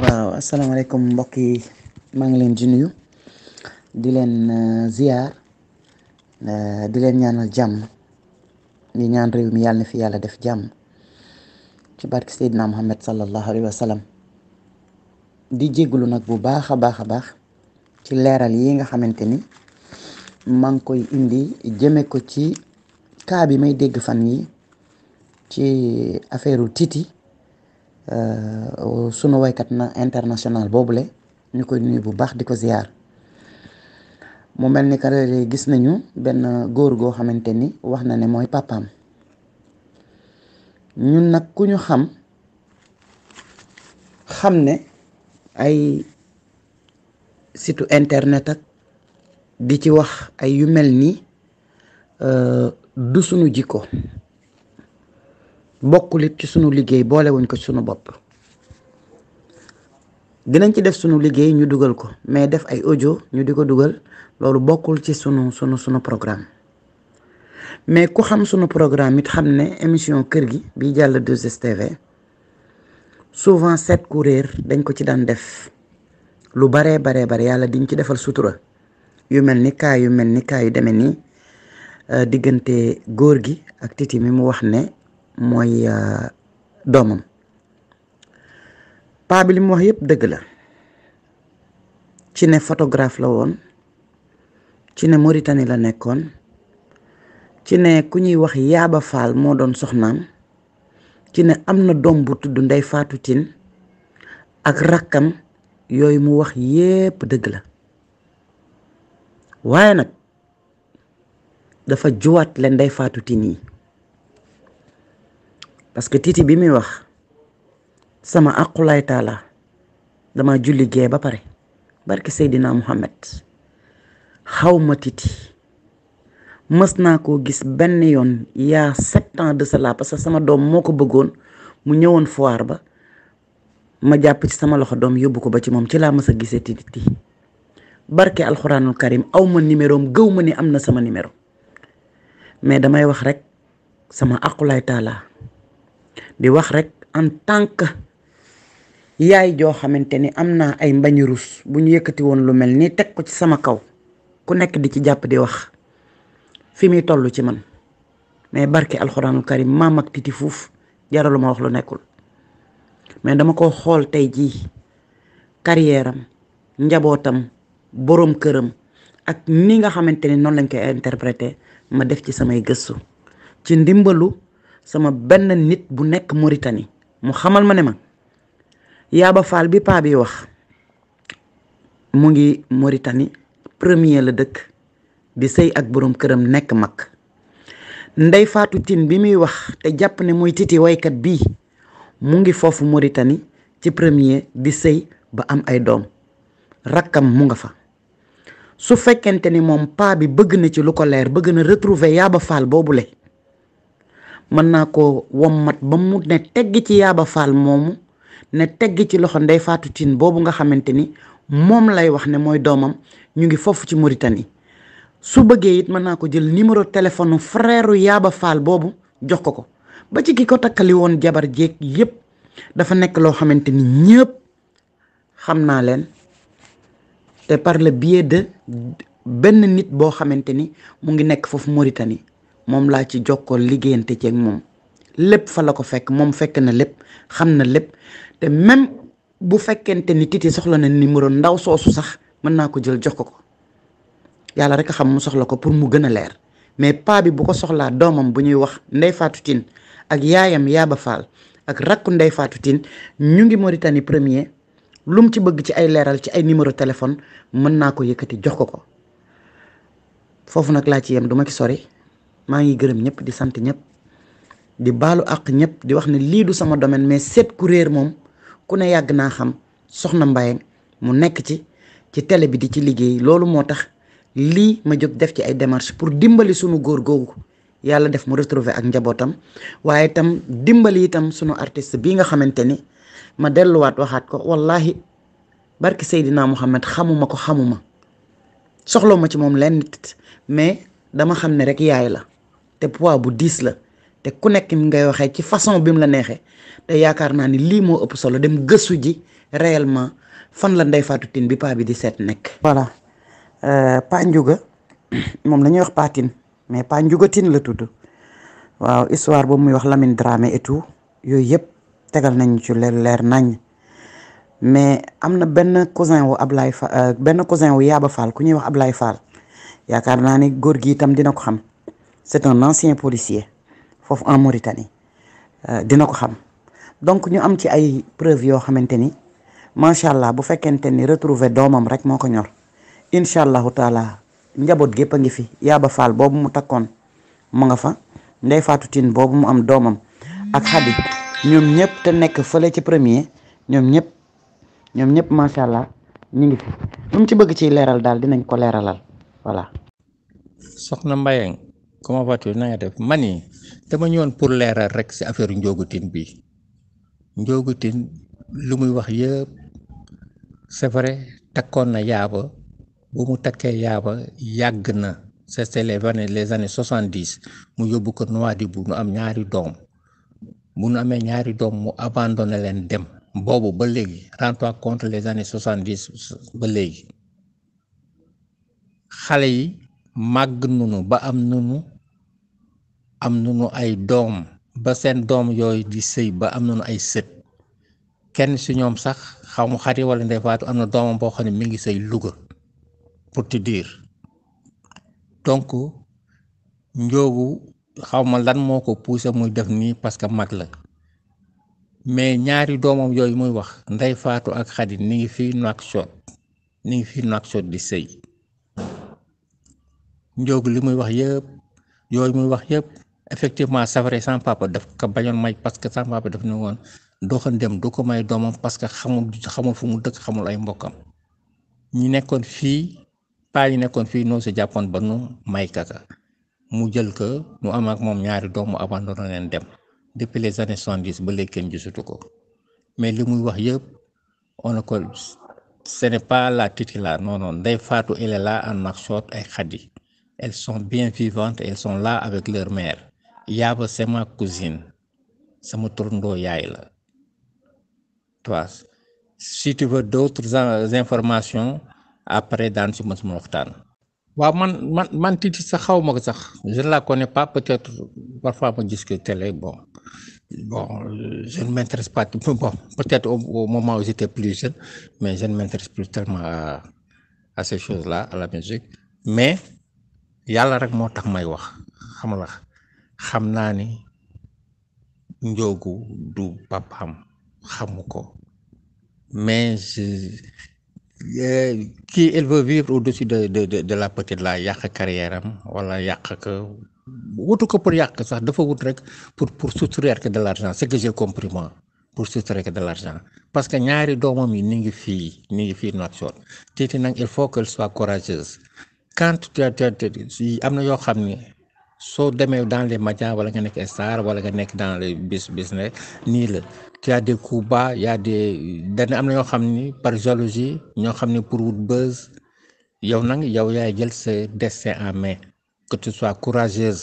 waaw asalaamaaleykum mbokk yi maa ngi leen di nuyu di leen euh, ziar euh, di leen ñaanal jàmm di ñaan réew mi yàlla na fi yàlla def jàmm ci barke Seydina Muhammad sallallahu alayhi wa sallam di jégalu nag bu baax a baax a baax ci leeral yi nga xamante ni maa ngi koy indi jëme ko ci cas bi may dégg fan yi ci affaire tiiti Euh, sunu woykat na international boobule ñu koy nuyu bu baax di ko ziyaar mu mel ni que gis nañu benn góor goo xamante ni wax na ne mooy papaam ñun nag ku ñu xam xam ne ay situ internet ak di ci wax ay yu mel nii euh, du sunu jikko bokkul it ci sunu liggéey boole wuñ ko ci sunu bopp dinañ ci def sunu liggéey ñu dugal ko mais def ay audio ñu di ko dugal loolu bokkul ci sunu sunu sunu programme mais ku xam sunu programme it xam ne émission kër gi bi jàll 2STV souvent set ku réer dañ ko ci daan def lu baree baree bare yàlla diñ ci defal sutura yu mel ni kaa yu mel ni kaa yu demee nii euh, diggante góor gi ak titi mi mu wax ne mooy euh, doomam paa bi li mu wax yëpp dëgg la ci ne photographe la woon ci ne Mauritanie la nekkoon ci ne ku ñuy wax Yaaba Faal moo doon soxnaam ci ne am na doom bu tudd Ndey Faatu Tine ak rakkam yooyu mu wax yépp dëgg la waaye nag dafa juwaat leen Ndey Faatu Tine yi parce que Titi bi muy wax sama aqulaay taala dama julli gee ba pare barki Seydina Muhammad xaw ma Titi mës naa koo gis benn yoon yaa sept de cela parce que sama doom moo ko bëggoon mu ñëwoon foire ba ma jàpp ci sama loxo doom yóbbu ko ba ci moom ci laa mës a gisee Titi barke alxuraanul karim aw ma numéro am gëw ma ni am na sama numéro mais damay wax rekk sama aqulaay taala di wax rek en tant que yaay joo xamante ni am naa ay mbañu rus bu ñu yëkkati woon lu mel nii teg ko ci sama kaw ku nekk di ci jàpp di wax fi muy toll ci man mais barke alxuraanul karim maam ak titi fuuf jaralu ma wax lu nekkul mais dama ko xool tey jii carrière am njabootam boroom këram ak ni nga xamante ni noonu lañ koy interprété ma def ci samay gëstu ci ndimbalu sama benn nit bu nekk moritani mu xamal ma ne ma yaaba faal bi paa biy wax mu ngi moritani premier la dëkk di sëy ak boroom këram nekk mag ndey faatu tin bi muy wax te jàpp ne muy titi waykat bii mu ngi foofu moritani ci premier di sëy ba am ay doom rakkam mu nga fa su fekkente ni moom paa bi bëgg na ci lu ko leer bëgg na retrouver yaaba faal boobule mën naa ko wommat ba mu ne tegg ci yaaba faal moomu ne tegg ci loxo ndey faatu tiin boobu nga xamante ni moom lay wax ne mooy doomam ñu ngi foofu ci Mauritanie su bëggee it mën naa ko jël numéro téléphone frère yaaba faal boobu jox ko ko ba ci ki ko takkali woon jabar jeeg yépp dafa nekk loo xamante ni ñëpp xam naa leen te par le biais de benn nit boo xamante ni mu ngi nekk foofu Mauritanie moom laa ci jokkool liggéeyante ceeg moom lépp fa la ko fekk moom fekk na lépp xam na lépp te même bu fekkente ni Titi soxla na numéro ndaw soosu sax mën naa ko jël jox ko ko yàlla rek a soxla ko pour mu gën a leer mais paa bi bu ko soxlaa doomam bu ñuy wax Ndeye ak yaayam Yaaba Fall ak rakku Ndeye Fatou Tine ñu ngi Mauritanie premier lu mu ci bëgg ci ay leeral ci ay numéro téléphone mën naa ko yëkkati jox ko ko foofu nag laa ci yem duma ki sori maa ngi gërëm ñëpp di sant ñëpp di baalu àq ñëpp di wax ne lii du sama domaine mais seet ku réer moom ku ne yàgg naa xam soxna Mbayang mu nekk ci ci télé bi di ci liggéey loolu moo tax lii ma jóg def ci ay démarches pour dimbali sunu góor googu yàlla def mu retrouver ak njabootam waaye itam dimbali itam sunu artiste bii nga xamante ni ma delluwaat waxaat ko wallahi barki Seydina Muhammad xamuma ko xamuma soxloo ma ci moom lenn mais dama xam ne rek yaay la te poids bu diis la te ku nekk mi ngay waxee ci façon bi mu la neexee te yaakaar naa ni lii moo ëpp solo dem gëstu ji réellement fan la ndey Fatou tiin bi paa bi di seet nekk. voilà euh, Pa Ndiouga moom lañuy wax Pa mais Pa Ndiouga la tudd waaw histoire boobu muy wax Lamine Dramé et yooyu yëpp tegal nañ ci leer leer nañ mais am na benn cousin wu Ablaye Fall euh, benn cousin wu Yaaba Fall ku ñuy wax Ablaye Fall yaakaar naa ni góor gi itam dina ko xam. c'est un ancien policier foofu en Mauritanie euh, dina ko xam donc ñu am ci ay preuves yoo xamante ni macha allah bu fekkente ni retrouver doomam rek moo ko ñor incha allahu taala njaboot gépp a ngi fi yaaba faal boobu mu takkoon mu nga fa ndey faatu tin boobu mu am doomam ak xadi ñoom ñëpp te nekk fële ci premier ñoom ñëpp ñoom ñëpp macha allah ñu ngi fi mu ci bëgg ciy leeral daal dinañ ko leeralal voilà. soxna Mbayang comment vas-tu na nga def man yi dama ñëwoon pour leeral rek ci affaire Ndiogoutyne bi njoogutin lu muy wax yëpp c'est takkoon na yaaba bu mu takkee yaaba yàgg na c'était les années les années soixante dix mu yóbbu ko Nouadhibou nu am ñaari doom bu nu amee ñaari doom mu abandonné leen dem boobu ba léegi rends-toi compte les années soixante dix ba léegi xale yi màgg nunu ba am nunu am nañu ay doom ba seen doom yooyu di sëy ba am na nañu ay sët kenn si ñoom sax xaw mu xari walla ndey faatu am na doomam boo xam ne mi ngi sëy Louga pour te dire donc njoogu xaw ma lan moo ko poussé muy def nii parce que mag la mais ñaari doomam yooyu muy wax ndey faatu ak xadi ni ngi fii Nouakchott ni ngi fii Nouakchott di sëy njoogu li muy wax yëpp yooyu muy wax yëpp effectivement c'est vrai sama papa daf ko bañoon may parce que sama papa daf ne woon doxan dem du ko may doomam parce que xamul xamul fu mu dëkk xamul ay mbokkam ñi nekkoon fii paa yi nekkoon fii noo si jàppoon ba nu may kaka mu jël ko mu am ak moom ñaari doomu abandonné leen dem depuis les années soixante-dix ba léegi kenn gisutu ko mais li muy wax yëpp on a ko ce n'est pas la titulaire non non faatu Fatou la en là en ay Khady elles sont bien vivantes elles sont là avec leur mère yaaba sama cousine sama turndoo yaay la toi si tu veux d'autres informations après dans si mën suma waxtaan waaw man man man Titi sax xaw ma ko sax je ne la connais pas peut-être parfois ma gis que télé bon bon je ne bon peut-être au, moment où j'étais plus jeune mais je ne m'intéresse plus tellement à, à ces choses-là à la musique mais yàlla rek moo tax may wax xam la xam naa ni njoogu du papam xamu ko mais kii euh, elle veut vivre au-dessus de de de la petite la yàq carrière am wala yàq ko wutu ko pour yàq sax dafa wut rek pour pour soustraire de l'argent c'est que j'ai compris moi pour soustraire que de l'argent parce que ñaari doomam yi ni ngi fii ni ngi fii Nouakchott Titi nag il faut que soit courageuse quand tu am na yoo xam ne soo demee dans les médias wala nga nekk star wala nga nekk dans les bis business nii la y a des coups bas y dana am na ñoo xam ni par jalousie ñoo xam ni pour wut buzz yow nag yow yaay jël sa destin en mais que tu sois courageuse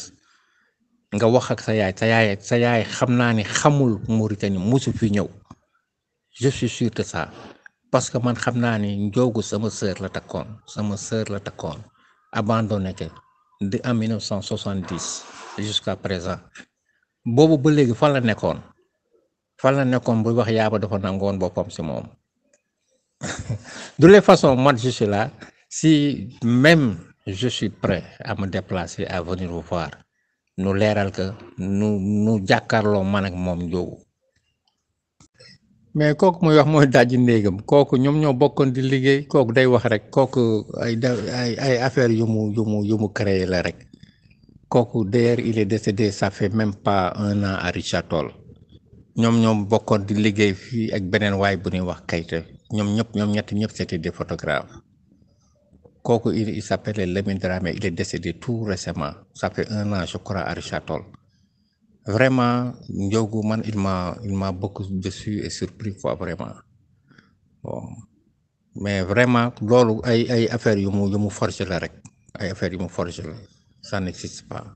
nga wax ak sa yaay sa yaay sa yaay xam naa ni xamul Mauritanie mosu fi ñëw je suis sûr de ça parce que man xam naa ni njoogu sama sœur la takkoon sama sœur la takkoon abandonné ko di en 1970 jusqu'à présent boobu ba léegi fan la nekkoon fan la nekkoon buy wax yaaba dafa nangoon boppam si moom du les façons moi je si même je suis prêt à me déplacer à venir vous voir nu leeral que nu jàkkarloo jàkkaarloo man ak moom jógu mais kooku muy wax mooy dajji néegam kooku ñoom ñoo bokkoon di liggéey kooku day wax rek kooku ay ay ay affaire yu mu yu mu yu mu créé la rek kooku d'ailleurs il est décédé ça fait même pas un an à ñoom ñoom bokkoon di liggéey fii ak beneen waay bu ñuy wax kayte ñoom ñëpp ñoom ñetti ñëpp c'était des photographes kooku il il s'appelait Lamine Dramé il est décédé tout récemment ça fait un an je crois vraiment Ndiogou man il m'a il m'a beaucoup et surpris quoi vraiment bon mais vraiment loolu ay ay affaires yu mu yu mu rek ay affaires yu mu forcé la ça n'existe pas